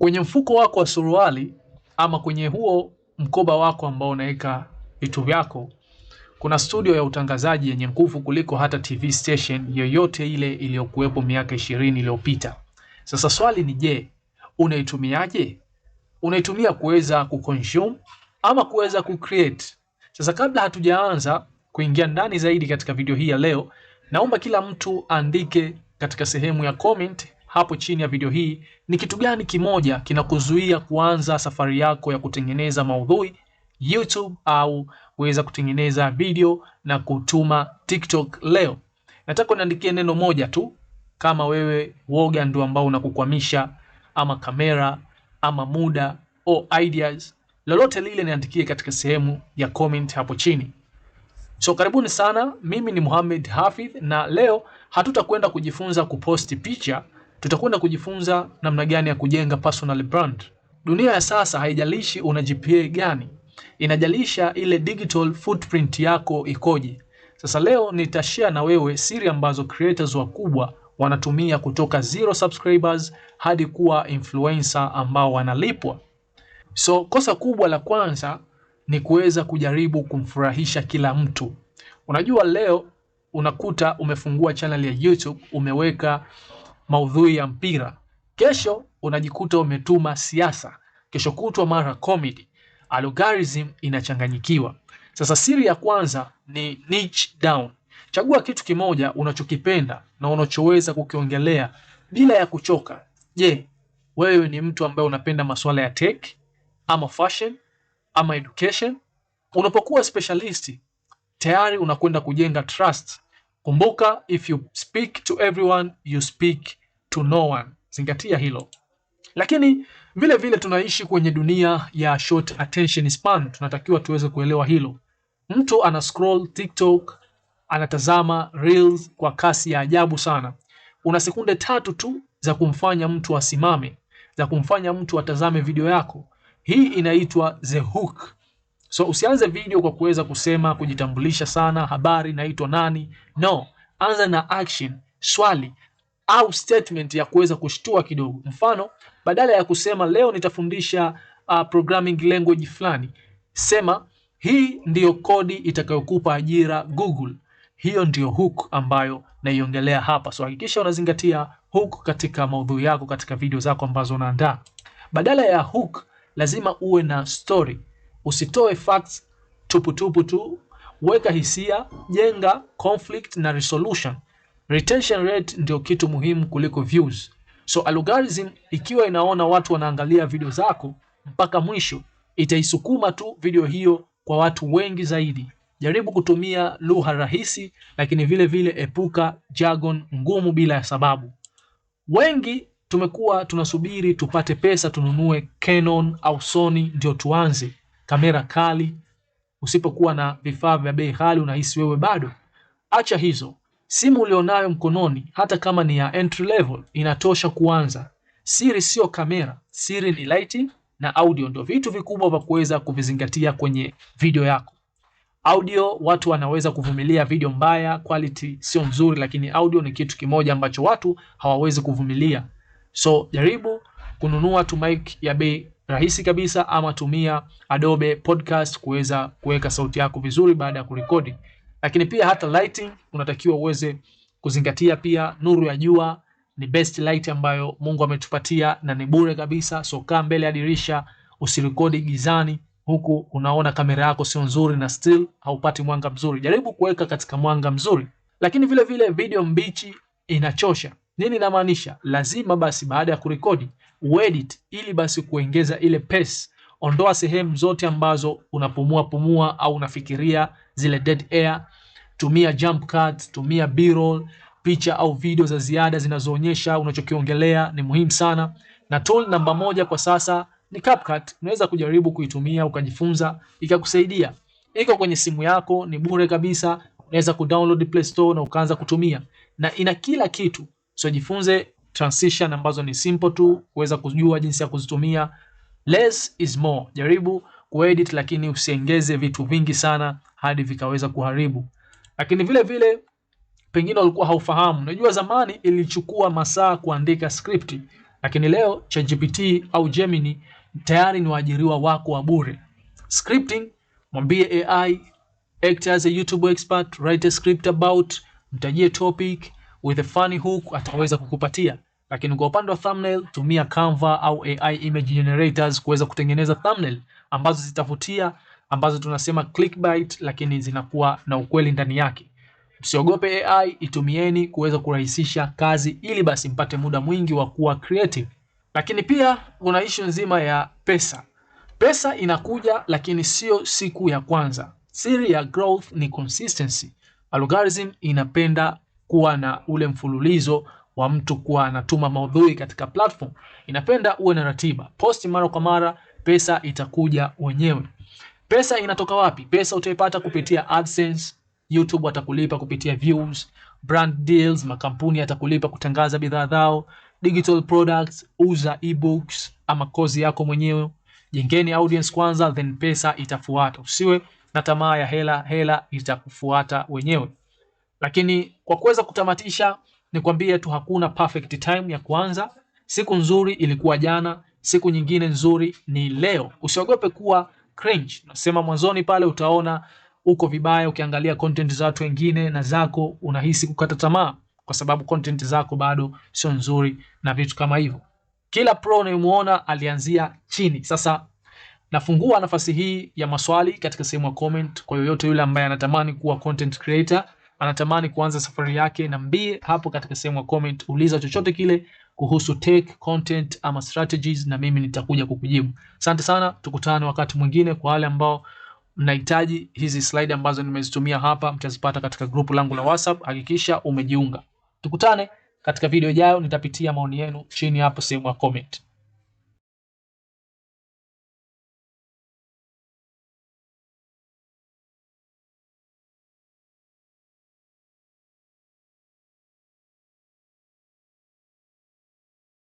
kwenye mfuko wako wa suruali ama kwenye huo mkoba wako ambao unaweka vitu vyako, kuna studio ya utangazaji yenye nguvu kuliko hata TV station yoyote ile iliyokuwepo miaka ishirini iliyopita. Sasa swali ni je, unaitumiaje? Unaitumia kuweza kuconsume ama kuweza kucreate? Sasa kabla hatujaanza kuingia ndani zaidi katika video hii ya leo, naomba kila mtu andike katika sehemu ya comment hapo chini ya video hii ni kitu gani kimoja kinakuzuia kuanza safari yako ya kutengeneza maudhui YouTube au kuweza kutengeneza video na kutuma TikTok leo. Nataka niandikie neno moja tu kama wewe woga ndio ambao unakukwamisha ama kamera ama muda o ideas lolote lile niandikie katika sehemu ya comment hapo chini. So karibuni sana, mimi ni Muhammad Hafidh na leo hatutakwenda kujifunza kuposti picha Tutakwenda kujifunza namna gani ya kujenga personal brand. Dunia ya sasa haijalishi una GPA gani, inajalisha ile digital footprint yako ikoje. Sasa leo nitashare na wewe siri ambazo creators wakubwa wanatumia kutoka zero subscribers hadi kuwa influencer ambao wanalipwa. So kosa kubwa la kwanza ni kuweza kujaribu kumfurahisha kila mtu. Unajua leo unakuta umefungua channel ya YouTube umeweka maudhui ya mpira, kesho unajikuta umetuma siasa, kesho kutwa mara comedy. Algorithm inachanganyikiwa. Sasa siri ya kwanza ni niche down. Chagua kitu kimoja unachokipenda na unachoweza kukiongelea bila ya kuchoka. Je, wewe ni mtu ambaye unapenda masuala ya tech ama fashion ama education? Unapokuwa specialist tayari unakwenda kujenga trust. Kumbuka, if you speak to everyone you speak to no one. Zingatia hilo. Lakini vile vile tunaishi kwenye dunia ya short attention span, tunatakiwa tuweze kuelewa hilo. Mtu ana scroll TikTok, anatazama reels kwa kasi ya ajabu sana. Una sekunde tatu tu za kumfanya mtu asimame, za kumfanya mtu atazame video yako. Hii inaitwa the hook. So usianze video kwa kuweza kusema kujitambulisha sana, habari, naitwa nani? No, anza na action, swali au statement ya kuweza kushtua kidogo. Mfano, badala ya kusema leo nitafundisha uh, programming language fulani, sema hii ndiyo kodi itakayokupa ajira Google. Hiyo ndiyo hook ambayo naiongelea hapa. So hakikisha unazingatia hook katika maudhui yako, katika video zako ambazo unaandaa. Badala ya hook, lazima uwe na story. Usitoe facts tuputupu tu, weka hisia, jenga conflict na resolution. Retention rate ndio kitu muhimu kuliko views. So algorithm ikiwa inaona watu wanaangalia video zako mpaka mwisho, itaisukuma tu video hiyo kwa watu wengi zaidi. Jaribu kutumia lugha rahisi, lakini vile vile epuka jargon ngumu bila ya sababu. Wengi tumekuwa tunasubiri tupate pesa tununue Canon au Sony ndio tuanze kamera kali. Usipokuwa na vifaa vya bei ghali, unahisi wewe bado. Acha hizo. Simu ulionayo mkononi hata kama ni ya entry level inatosha kuanza. Siri sio kamera, siri ni lighting na audio, ndio vitu vikubwa vya kuweza kuvizingatia kwenye video yako. Audio watu wanaweza kuvumilia video mbaya, quality sio nzuri, lakini audio ni kitu kimoja ambacho watu hawawezi kuvumilia. So jaribu kununua tu mic ya bei rahisi kabisa, ama tumia Adobe Podcast kuweza kuweka sauti yako vizuri baada ya kurekodi. Lakini pia hata lighting unatakiwa uweze kuzingatia pia. Nuru ya jua ni best light ambayo Mungu ametupatia na ni bure kabisa. So kaa mbele ya dirisha, usirekodi gizani huku unaona kamera yako sio nzuri na still haupati mwanga mzuri. Jaribu kuweka katika mwanga mzuri, lakini vile vile video mbichi inachosha. Nini namaanisha? Lazima basi baada ya kurekodi uedit, ili basi kuongeza ile pace ondoa sehemu zote ambazo unapumua pumua au unafikiria zile dead air. Tumia jump cuts, tumia b-roll, picha au video za ziada zinazoonyesha unachokiongelea ni muhimu sana, na tool namba moja kwa sasa ni CapCut. Unaweza kujaribu kuitumia ukajifunza ikakusaidia. Iko kwenye simu yako, ni bure kabisa. Unaweza kudownload Play Store na ukaanza kutumia, na ina kila kitu. So jifunze transition ambazo ni simple tu, kuweza kujua jinsi ya kuzitumia Less is more. Jaribu kuedit lakini usiongeze vitu vingi sana hadi vikaweza kuharibu. Lakini vile vile pengine walikuwa haufahamu. Unajua zamani ilichukua masaa kuandika script, lakini leo ChatGPT au Gemini tayari ni waajiriwa wako wa bure. Scripting, mwambie AI act as a YouTube expert, write a script about, mtajie topic with a funny hook, ataweza kukupatia. Lakini kwa upande wa thumbnail, tumia Canva au AI image generators kuweza kutengeneza thumbnail ambazo zitavutia, ambazo tunasema clickbait, lakini zinakuwa na ukweli ndani yake. Usiogope AI, itumieni kuweza kurahisisha kazi ili basi mpate muda mwingi wa kuwa creative. Lakini pia kuna issue nzima ya pesa. Pesa inakuja lakini sio siku ya kwanza. Siri ya growth ni consistency. Algorithm inapenda kuwa na ule mfululizo wa mtu kuwa anatuma maudhui katika platform. Inapenda uwe na ratiba, posti mara kwa mara, pesa itakuja wenyewe. Pesa inatoka wapi? Pesa utaipata kupitia AdSense, YouTube watakulipa kupitia views, brand deals, makampuni yatakulipa kutangaza bidhaa zao, digital products, uza ebooks ama kozi yako mwenyewe. Jengeni audience kwanza, then pesa itafuata. Usiwe na tamaa ya hela, hela itakufuata wenyewe. Lakini kwa kuweza kutamatisha nikwambie tu hakuna perfect time ya kuanza. Siku nzuri ilikuwa jana, siku nyingine nzuri ni leo. Usiogope kuwa cringe. Nasema mwanzoni pale utaona uko vibaya ukiangalia content za watu wengine na zako, unahisi kukata tamaa kwa sababu content zako bado sio nzuri na vitu kama hivyo. Kila pro unayemuona alianzia chini. Sasa nafungua nafasi hii ya maswali katika sehemu ya comment kwa yoyote yule ambaye anatamani kuwa content creator anatamani kuanza safari yake, niambie hapo katika sehemu ya comment, uliza chochote kile kuhusu tech content ama strategies, na mimi nitakuja kukujibu. Asante sana, tukutane wakati mwingine. Kwa wale ambao mnahitaji hizi slide ambazo nimezitumia hapa, mtazipata katika grupu langu la WhatsApp. Hakikisha umejiunga. Tukutane katika video ijayo, nitapitia maoni yenu chini hapo sehemu ya comment.